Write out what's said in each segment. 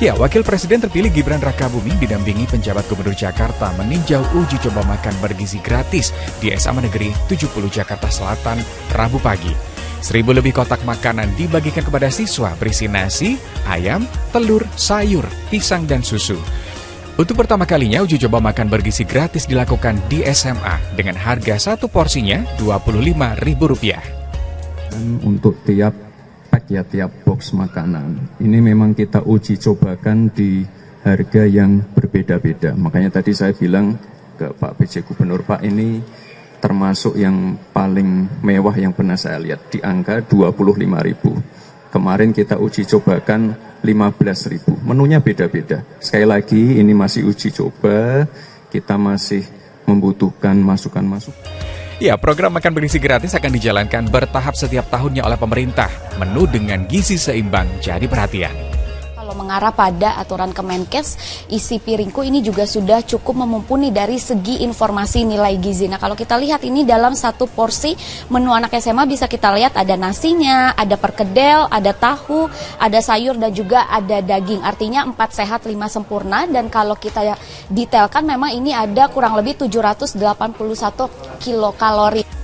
Ya, Wakil Presiden terpilih Gibran Rakabuming didampingi penjabat Gubernur Jakarta meninjau uji coba makan bergizi gratis di SMA Negeri 70 Jakarta Selatan Rabu pagi. Seribu lebih kotak makanan dibagikan kepada siswa berisi nasi, ayam, telur, sayur, pisang, dan susu. Untuk pertama kalinya, uji coba makan bergizi gratis dilakukan di SMA dengan harga satu porsinya Rp25.000. Untuk tiap tiap-tiap box makanan. Ini memang kita uji cobakan di harga yang berbeda-beda. Makanya tadi saya bilang ke Pak PJ Gubernur, Pak ini termasuk yang paling mewah yang pernah saya lihat di angka 25.000. Kemarin kita uji cobakan 15.000. Menunya beda-beda. Sekali lagi ini masih uji coba, kita masih membutuhkan masukan-masukan. Ya, program makan bergizi gratis akan dijalankan bertahap setiap tahunnya oleh pemerintah. Menu dengan gizi seimbang jadi perhatian kalau mengarah pada aturan Kemenkes, isi piringku ini juga sudah cukup memumpuni dari segi informasi nilai gizi. Nah, kalau kita lihat ini dalam satu porsi menu anak SMA bisa kita lihat ada nasinya, ada perkedel, ada tahu, ada sayur dan juga ada daging. Artinya 4 sehat 5 sempurna dan kalau kita detailkan memang ini ada kurang lebih 781 kilokalori.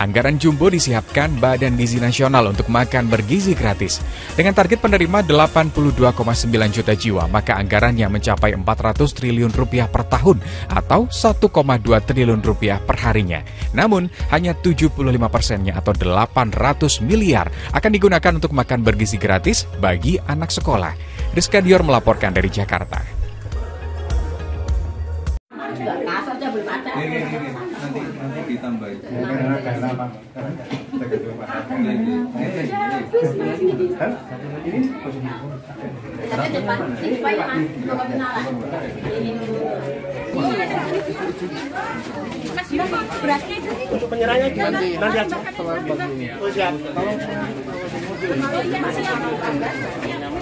Anggaran jumbo disiapkan Badan Gizi Nasional untuk makan bergizi gratis. Dengan target penerima 82,9 juta jiwa, maka anggarannya mencapai 400 triliun rupiah per tahun atau 1,2 triliun rupiah per harinya. Namun, hanya 75 persennya atau 800 miliar akan digunakan untuk makan bergizi gratis bagi anak sekolah. Rizka Dior melaporkan dari Jakarta. Masuk aja berbaca. Ini ini ini nanti nanti ditambahin. Karena karena apa? Karena Ini kan ini ini. Ini ini Ini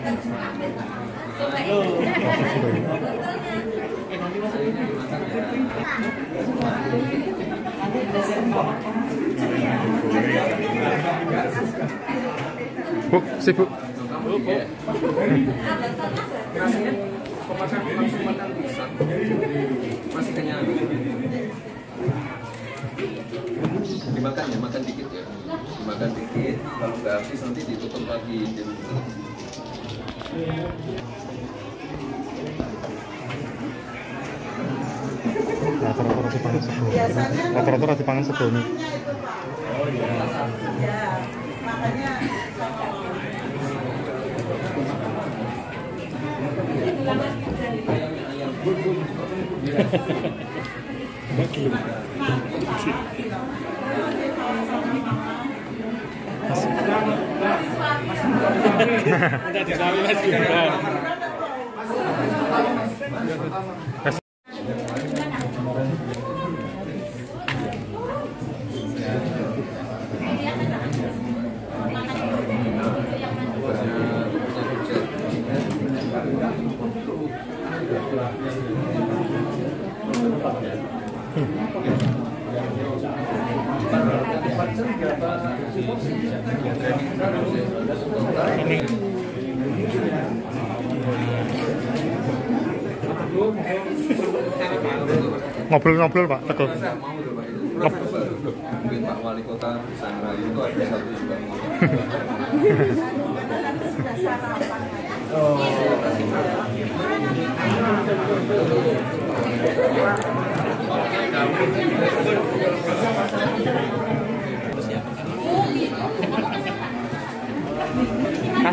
Bu, sip bu. Rasanya pemakan langsung makan Masih kenyang. Dimakan ya, makan dikit ya. Dimakan dikit, kalau nggak habis nanti ditutup lagi rata-rata roti pangan sego rata-rata roti pangan sego ini. oh makanya that is not ini ngobrol-ngobrol Pak Teguh Ngop Pak Wali Kota Sangrayu itu ada satu juga Oh.